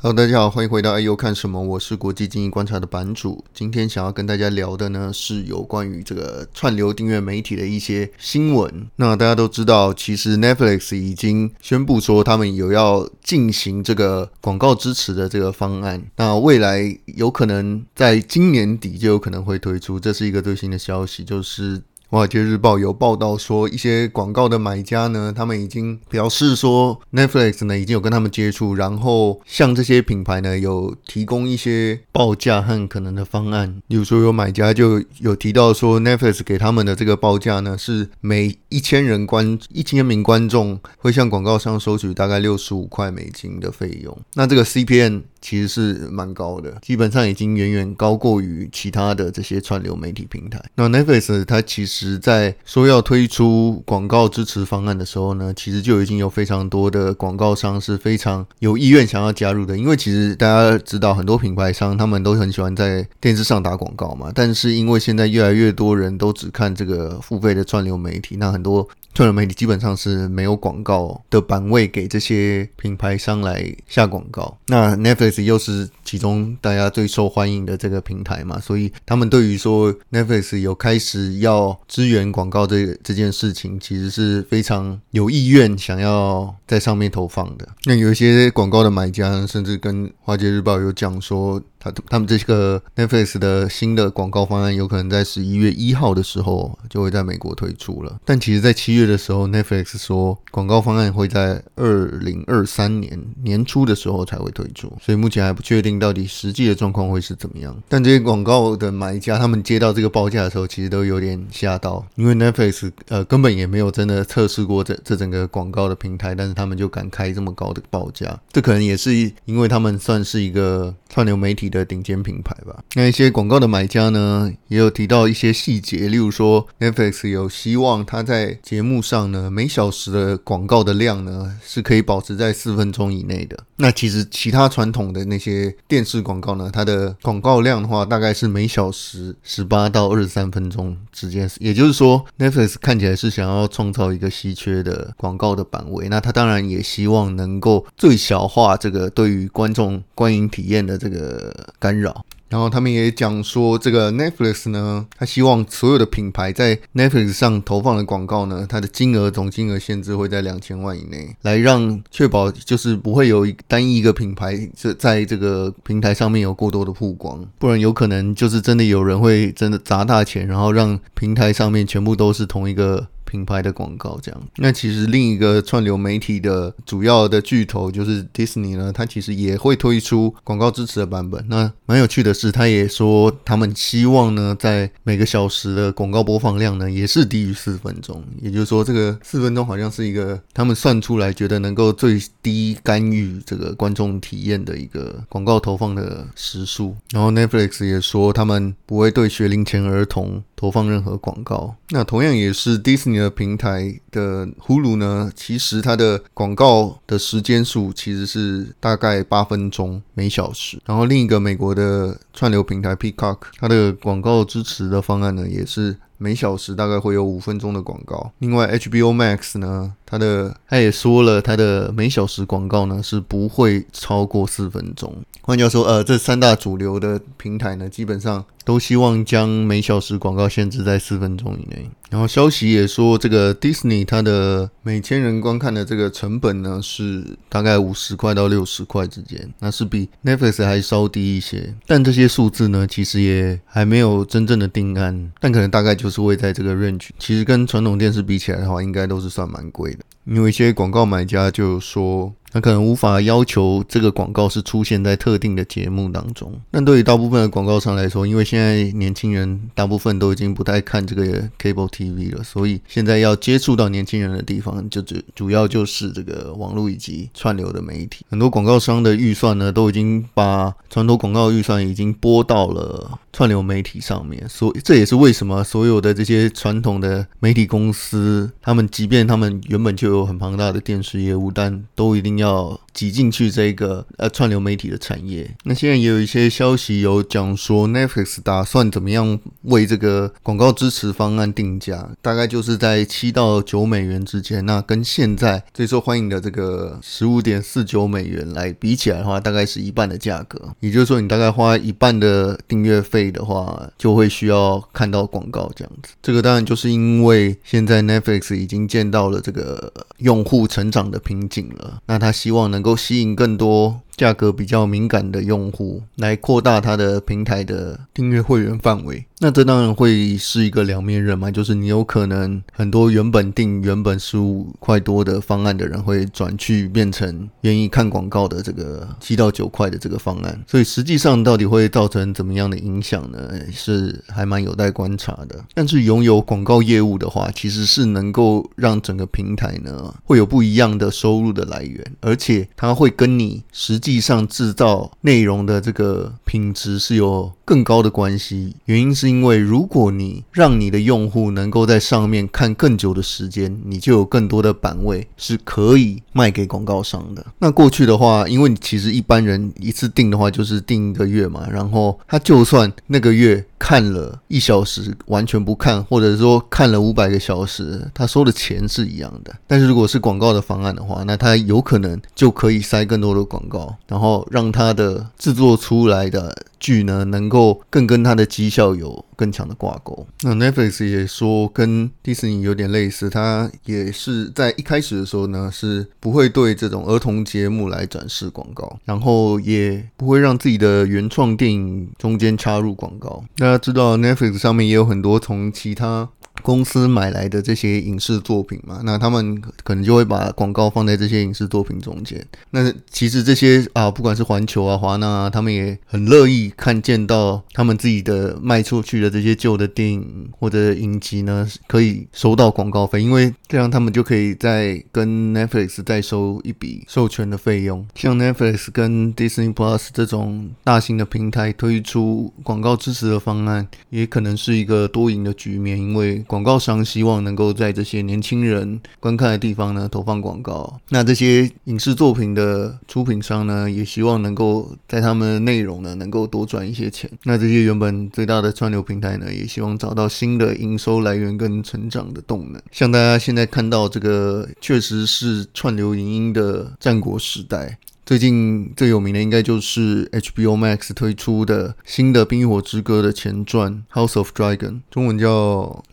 hello 大家好，歡迎回到 IEO 看什麼，我是國際經濟觀察的版主。今天想要跟大家聊的呢，是有關於這個串流訂閱媒體的一些新聞。那大家都知道，其實 Netflix 已經宣布說，他們有要進行這個廣告支持的這個方案。那未來有可能在今年底就有可能會推出，這是一個最新的消息，就是。華爾街日報有報道說，一些廣告的買家呢，他們已經表示說，Netflix 呢已經有跟他們接觸，然後向這些品牌呢有提供一些報價和可能的方案。比如說，有買家就有提到說，Netflix 給他們的這個報價呢是每一千人觀一千名觀眾會向廣告商收取大概六十五塊美金的費用。那這個 CPM。其實是蠻高的，基本上已經遠遠高過於其他的這些串流媒體平台。那 Netflix 它其實，在說要推出廣告支持方案的時候呢，其實就已經有非常多的廣告商是非常有意願想要加入的。因為其實大家知道，很多品牌商他們都很喜歡在電視上打廣告嘛，但是因為現在越來越多人都只看這個付費的串流媒體，那很多串流媒體基本上是沒有廣告的版位給這些品牌商來下廣告。那 Netflix 又是其中大家最受歡迎的這個平台嘛，所以他們對於說 Netflix 有開始要支援廣告這這件事情，其實是非常有意願想要在上面投放的。那有一些廣告的買家甚至跟華爾街日報有講說，他他們這個 Netflix 的新的廣告方案有可能在十一月一號的時候就會在美國推出了，但其實，在七月的時候，Netflix 說廣告方案會在二零二三年年初的時候才會推出，所以目前還不確定到底實際的狀況會是怎麼樣。但這些廣告的買家他們接到這個報價的時候，其實都有點嚇到，因為 Netflix 呃根本也沒有真的測試過這這整個廣告的平台，但是他們就敢開這麼高的報價，這可能也是因為他們算是一個串流媒體。的頂尖品牌吧。那一些廣告的買家呢，也有提到一些細節，例如說 Netflix 有希望它在節目上呢，每小時的廣告的量呢是可以保持在四分鐘以內的。那其實其他傳統的那些電視廣告呢，它的廣告量的話，大概是每小時十八到二十三分鐘之間。也就是說，Netflix 看起來是想要創造一個稀缺的廣告的版位。那它當然也希望能夠最小化這個對於觀眾觀影體驗的這個。干擾。然後他們也講說，這個 Netflix 呢，他希望所有的品牌在 Netflix 上投放的廣告呢，它的金額總金額限制會在兩千萬以內，來讓確保就是不會有單一一個品牌在在這個平台上面有過多的曝光，不然有可能就是真的有人會真的砸大錢，然後讓平台上面全部都是同一個。品牌的廣告這樣，那其實另一個串流媒體的主要的巨頭就是 Disney 呢，它其實也會推出廣告支持的版本。那蠻有趣的是，它也說他們希望呢，在每個小時的廣告播放量呢，也是低於四分鐘。也就是說，這個四分鐘好像是一個他們算出來覺得能夠最低干預這個觀眾體驗的一個廣告投放的時數。然後 Netflix 也說，他們不會對學齡前兒童。投放任何廣告，那同樣也是迪士尼的平台的 Hulu 呢，其實它的廣告的時間數其實是大概八分鐘每小時，然後另一個美國的串流平台 Peacock，它的廣告支持的方案呢，也是。每小時大概會有五分鐘的廣告。另外，HBO Max 呢，它的它也說了，它的每小時廣告呢是不會超過四分鐘。換句話說，呃，這三大主流的平台呢，基本上都希望將每小時廣告限制在四分鐘以內。然後消息也說，這個 Disney 它的每千人觀看的這個成本呢，是大概五十塊到六十塊之間，那是比 Netflix 還稍低一些。但這些數字呢，其實也還沒有真正的定案，但可能大概就是會在這個 range。其實跟傳統電視比起來的話，應該都是算蠻貴的。因為一些廣告買家就說。那可能無法要求這個廣告是出現在特定的節目當中。但對於大部分的廣告商來說，因為現在年輕人大部分都已經不太看這個 cable TV 了，所以現在要接觸到年輕人的地方，就主主要就是這個網絡以及串流的媒體。很多廣告商的預算呢，都已經把傳統廣告預算已經撥到了串流媒體上面。所以這也是為什麼所有的這些傳統的媒體公司，他們即便他們原本就有很龐大的電視業務，但都一定，要擠進去這個呃串流媒體的產業。那現在也有一些消息有講說 Netflix 打算怎麼樣為這個廣告支持方案定價，大概就是在七到九美元之間。那跟現在最受歡迎的這個十五點四九美元來比起來的話，大概是一半的價格。也就是說，你大概花一半的訂閱費的話，就會需要看到廣告這樣子。這個當然就是因為現在 Netflix 已經見到了這個用戶成長的瓶頸了。那它他希望能夠吸引更多。價格比較敏感的用戶，來擴大他的平台的訂閱會員範圍，那這當然會是一個兩面人嘛，就是你有可能很多原本訂原本十五塊多的方案的人會轉去變成願意看廣告的這個七到九塊的這個方案，所以實際上到底會造成怎麼樣的影響呢？是還蠻有待觀察的。但是擁有廣告業務的話，其實是能夠讓整個平台呢會有不一樣的收入的來源，而且它會跟你實際。地上製造內容的這個品質是有更高的關係，原因是因為如果你讓你的用戶能夠在上面看更久的時間，你就有更多的版位是可以賣給廣告商的。那過去的話，因為你其實一般人一次訂的話就是訂一個月嘛，然後他就算那個月看了一小時完全不看，或者說看了五百個小時，他收的錢是一樣的。但是如果是廣告的方案的話，那他有可能就可以塞更多的廣告。然後讓他的製作出來的劇呢，能夠更跟他的績效有更強的掛鈎。那 Netflix 也說跟迪士尼有點類似，它也是在一開始的時候呢，是不會對這種兒童節目來展示廣告，然後也不會讓自己的原創電影中間插入廣告。大家知道 Netflix 上面也有很多從其他。公司買來的這些影視作品嘛，那他們可能就會把廣告放在這些影視作品中間。那其實這些啊，不管是環球啊、華納啊，他們也很樂意看見到他們自己的賣出去的這些舊的電影或者影集呢，可以收到廣告費，因為這樣他們就可以再跟 Netflix 再收一筆授權的費用。像 Netflix 跟 Disney+ 這種大型的平台推出廣告支持的方案，也可能是一個多贏的局面，因為。廣告商希望能夠在這些年輕人觀看的地方呢，投放廣告，那這些影視作品的出品商呢，也希望能夠在他們內容呢，能夠多賺一些錢，那這些原本最大的串流平台呢，也希望找到新的營收來源跟成長的動能。像大家現在看到這個，確實是串流影音的戰國時代。最近最有名的應該就是 HBO Max 推出的新的《冰與火之歌》的前傳《House of Dragon》，中文叫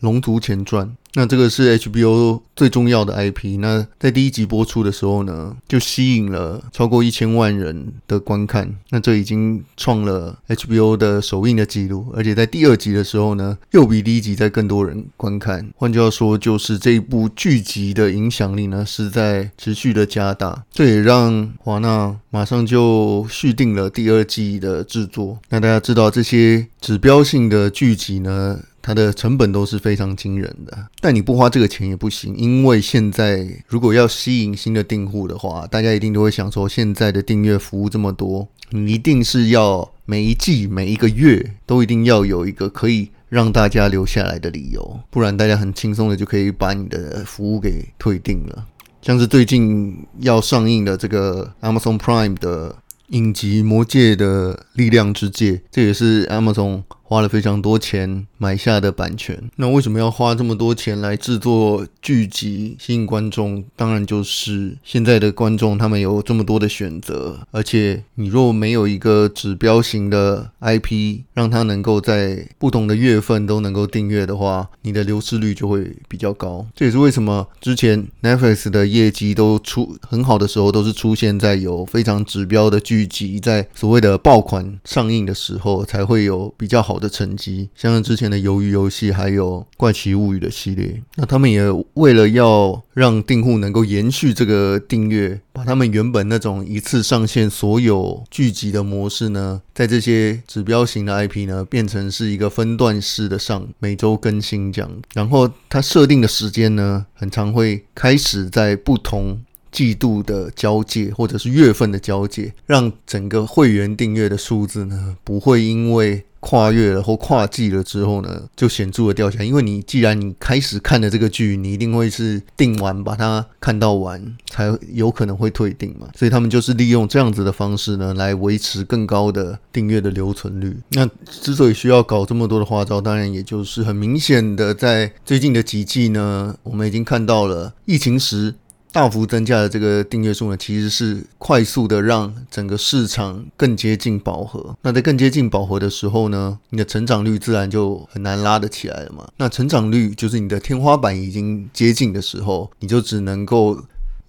《龍族前傳》。那這個是 HBO 最重要的 IP。那在第一集播出的時候呢，就吸引了超過一千萬人的觀看。那這已經創了 HBO 的首映的紀錄，而且在第二集的時候呢，又比第一集再更多人觀看。換句話說，就是這一部劇集的影響力呢是在持續的加大。這也讓華納馬上就續訂了第二季的製作。那大家知道這些指標性的劇集呢？它的成本都是非常驚人的，但你不花這個錢也不行，因為現在如果要吸引新的訂戶的話，大家一定都會想說，現在的訂閱服務這麼多，你一定是要每一季、每一個月都一定要有一個可以讓大家留下來的理由，不然大家很輕鬆的就可以把你的服務給退訂了。像是最近要上映的這個 Amazon Prime 的影集《魔戒的力量之戒》，這也是 Amazon。花了非常多錢買下的版權，那為什麼要花這麼多錢來制作劇集吸引觀眾？當然就是現在的觀眾他們有這麼多的選擇，而且你若沒有一個指標型的 IP，讓他能夠在不同的月份都能夠訂閱的話，你的流失率就會比較高。這也是為什麼之前 Netflix 的業績都出很好的時候，都是出現在有非常指標的劇集在所謂的爆款上映的時候才會有比較好我的成績，像之前的《魷魚遊戲》還有《怪奇物語》的系列，那他們也為了要讓訂戶能夠延續這個訂閱，把他們原本那種一次上線所有劇集的模式呢，在這些指標型的 IP 呢，變成是一個分段式的上，每周更新這樣。然後它設定的時間呢，很長，會開始在不同。季度的交界，或者是月份的交界，讓整個會員訂閱的數字呢，不會因為跨越了或跨季了之後呢，就顯著的掉下來。因為你既然你開始看了這個劇，你一定會是訂完把它看到完，才有可能會退訂嘛。所以他們就是利用這樣子的方式呢，來維持更高的訂閱的留存率。那之所以需要搞這麼多的花招，當然也就是很明顯的，在最近的幾季呢，我們已經看到了疫情時。大幅增加的這個訂閱數呢，其實是快速的讓整個市場更接近飽和。那在更接近飽和的時候呢，你的成長率自然就很難拉得起來了嘛。那成長率就是你的天花板已經接近的時候，你就只能夠。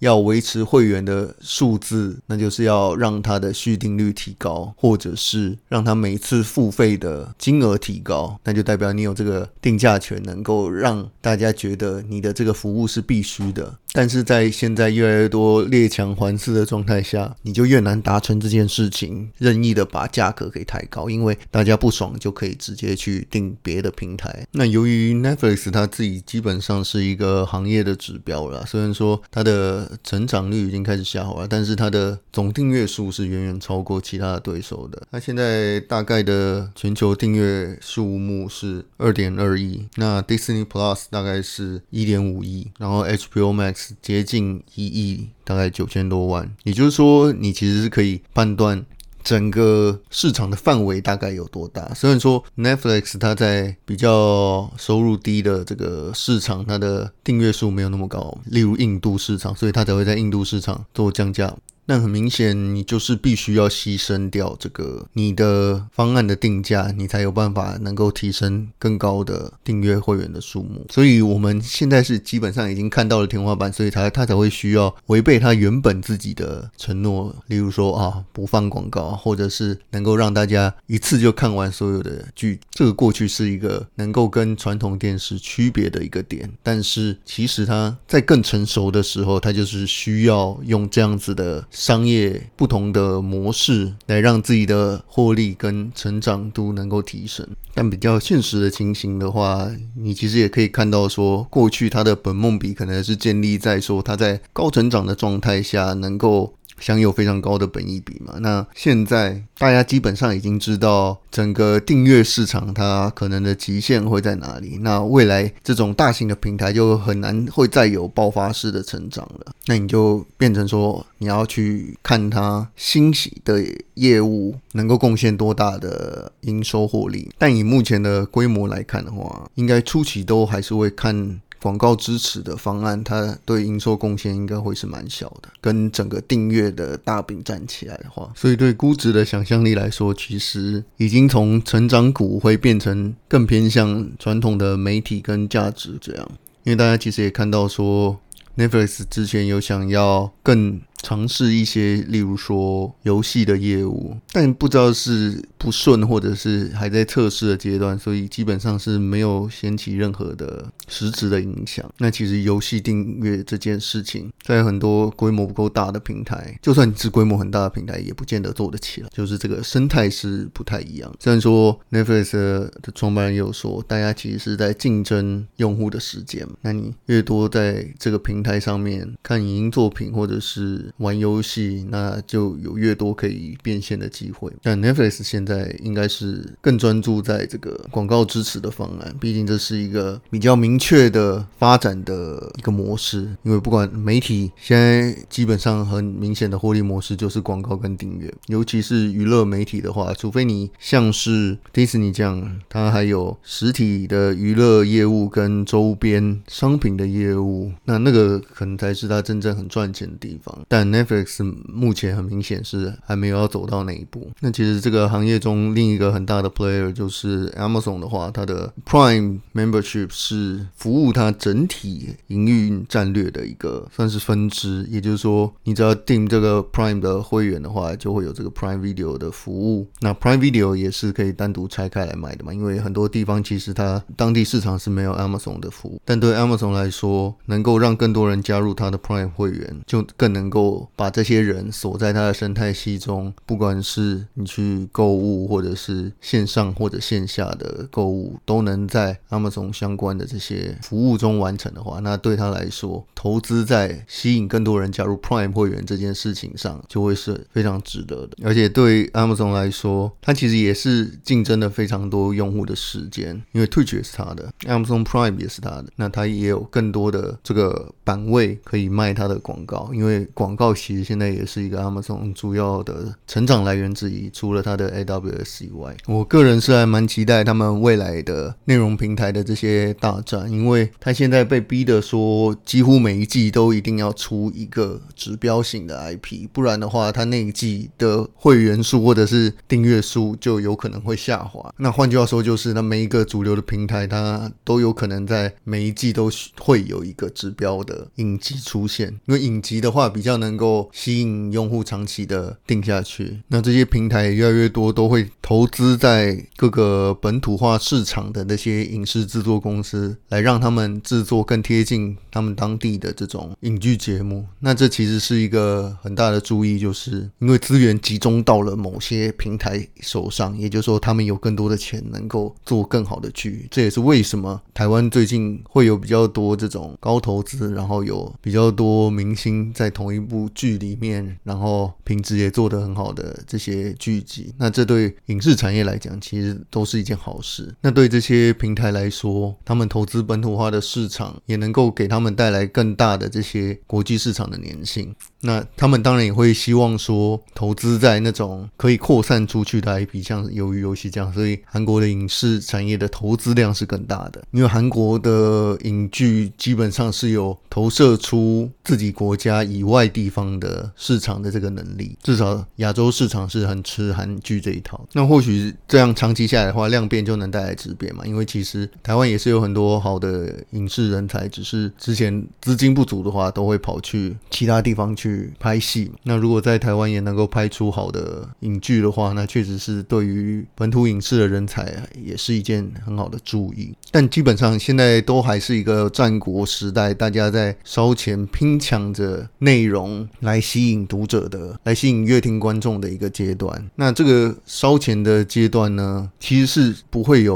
要維持會員的數字，那就是要讓它的續訂率提高，或者是讓它每次付費的金額提高，那就代表你有這個定價權，能夠讓大家覺得你的這個服務是必須的。但是在現在越來越多列強環伺的狀態下，你就越難達成這件事情，任意的把價格給抬高，因為大家不爽就可以直接去訂別的平台。那由於 Netflix 它自己基本上是一個行業的指標啦，雖然說它的。成長率已經開始下滑，但是它的總訂閱數是遠遠超過其他的對手的。它現在大概的全球訂閱數目是二點二億，那 Disney Plus 大概是一點五億，然後 HBO Max 接近一億，大概九千多萬。也就是說，你其實是可以判斷。整個市場的範圍大概有多大？雖然說 Netflix 它在比較收入低的這個市場，它的訂閱數沒有那麼高，例如印度市場，所以它才會在印度市場做降價。那很明顯，你就是必須要犧牲掉這個你的方案的定價，你才有辦法能夠提升更高的訂閱會員的數目。所以，我們現在是基本上已經看到了天花板，所以才他，他才會需要違背他原本自己的承諾，例如說啊，不放廣告，或者是能夠讓大家一次就看完所有的劇。這個過去是一個能夠跟傳統電視區別的一個點，但是其實他在更成熟的時候，他就是需要用這樣子的。商業不同的模式來讓自己的獲利跟成長都能夠提升，但比較現實的情形的話，你其實也可以看到說，過去它的本夢比可能是建立在說它在高成長的狀態下能夠。享有非常高的本益比嘛？那現在大家基本上已經知道整個訂閱市場它可能的極限會在哪裡。那未來這種大型的平台就很難會再有爆發式的成長了。那你就變成說你要去看它新興的業務能夠貢獻多大的營收獲利。但以目前的規模來看的話，應該初期都還是會看。廣告支持的方案，它對營收貢獻應該會是蠻小的，跟整個訂閱的大餅站起來的話，所以對估值的想象力來說，其實已經從成長股會變成更偏向傳統的媒體跟價值這樣。因為大家其實也看到說，Netflix 之前有想要更嘗試一些，例如說遊戲的業務，但不知道是不順或者是還在測試的階段，所以基本上是沒有掀起任何的實質的影響。那其實遊戲訂閱這件事情，在很多規模不夠大的平台，就算你是規模很大的平台，也不見得做得起來。就是這個生態是不太一樣。雖然說 Netflix 的創辦人也有說，大家其實是在競爭用戶的時間，那你越多在這個平台上面看影音作品，或者是。玩遊戲，那就有越多可以變現的機會。但 Netflix 現在應該是更專注在這個廣告支持的方案，畢竟這是一個比較明確的發展的一個模式。因為不管媒體現在基本上很明顯的獲利模式就是廣告跟訂閱，尤其是娛樂媒體的話，除非你像是迪士尼這樣，它還有實體的娛樂業務跟周邊商品的業務，那那個可能才是它真正很賺錢的地方。但但 Netflix 目前很明顯是還沒有要走到那一步。那其實這個行業中另一個很大的 player 就是 Amazon 的話，它的 Prime Membership 是服務它整體營運戰略的一個算是分支。也就是說，你只要訂這個 Prime 的會員的話，就會有這個 Prime Video 的服務。那 Prime Video 也是可以單獨拆開來買的嘛，因為很多地方其實它當地市場是沒有 Amazon 的服務。但對 Amazon 來說，能夠讓更多人加入它的 Prime 會員，就更能夠。如果把這些人鎖在他的生態系中，不管是你去購物，或者是線上或者線下的購物，都能在 Amazon 相關的這些服務中完成的話，那對他來說，投資在吸引更多人加入 Prime 會員這件事情上，就會是非常值得的。而且對 Amazon 來說，它其實也是競爭了非常多用戶的時間，因為 Twitch 也是他的，Amazon Prime 也是他的，那他也有更多的這個版位可以賣他的廣告，因為廣廣告其實現在也是一個 Amazon 主要的成長來源之一。除了它的 AWS 以外，我個人是還蠻期待他們未來的內容平台的這些大戰，因為他現在被逼得說，幾乎每一季都一定要出一個指標型的 IP，不然的話，他那一季的會員數或者是訂閱數就有可能會下滑。那換句話說，就是那每一個主流的平台，它都有可能在每一季都會有一個指標的影集出現，因為影集的話比較能。能夠吸引用戶長期的定下去，那這些平台也越來越多都會投資在各個本土化市場的那些影視制作公司，來讓他們制作更貼近他們當地的這種影劇節目。那這其實是一個很大的注意，就是因為資源集中到了某些平台手上，也就是說他們有更多的錢能夠做更好的劇。這也是為什麼台灣最近會有比較多這種高投資，然後有比較多明星在同一部。劇裡面，然後品質也做得很好的這些劇集，那這對影視產業來講，其實都是一件好事。那對這些平台來說，他們投資本土化的市場，也能夠給他們帶來更大的這些國際市場的粘性。那他們當然也會希望說，投資在那種可以擴散出去的 IP，像《魷魚遊戲》這樣，所以韓國的影視產業的投資量是更大的，因為韓國的影劇基本上是有投射出自己國家以外。地方的市場的這個能力，至少亞洲市場是很吃韓劇這一套。那或許這樣長期下來的話，量變就能帶來質變嘛？因為其實台灣也是有很多好的影視人才，只是之前資金不足的話，都會跑去其他地方去拍戲。那如果在台灣也能夠拍出好的影劇的話，那確實是對於本土影視的人才也是一件很好的助益。但基本上現在都還是一個戰國時代，大家在燒錢拼搶着內容。來吸引讀者的，來吸引閱聽觀眾的一個階段。那這個燒錢的階段呢，其實是不會有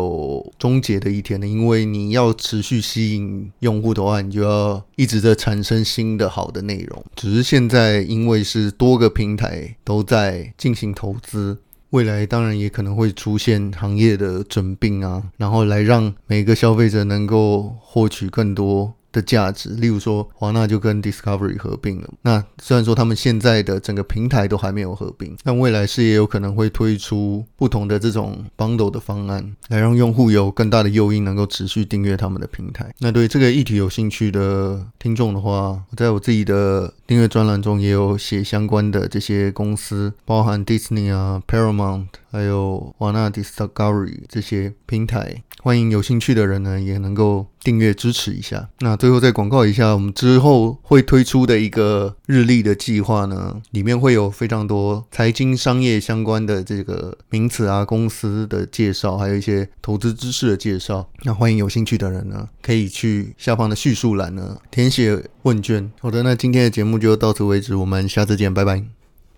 終結的一天的，因為你要持續吸引用戶的話，你就要一直在產生新的好的內容。只是現在因為是多個平台都在進行投資，未來當然也可能會出現行業的整併啊，然後來讓每個消費者能夠獲取更多的價值，例如說華納就跟 Discovery 合併了。那雖然說他們現在的整個平台都還沒有合併，但未來是也有可能會推出不同的這種 bundle 的方案，來讓用戶有更大的誘因能夠持續訂閱他們的平台。那對這個議題有興趣的聽眾的話，我在我自己的訂閱專欄中也有寫相關的這些公司，包含 Disney 啊、Paramount，還有華納 Discovery 這些平台，歡迎有興趣的人呢，也能夠訂閱支持一下。那最後再廣告一下，我們之後會推出的一個日曆的計劃呢，裡面會有非常多財經商業相關的這個名詞啊、公司的介紹，還有一些投資知識的介紹。那歡迎有興趣的人呢，可以去下方的敘述欄呢，填寫問卷。好的，那今天的節目就到此為止，我們下次見，拜拜。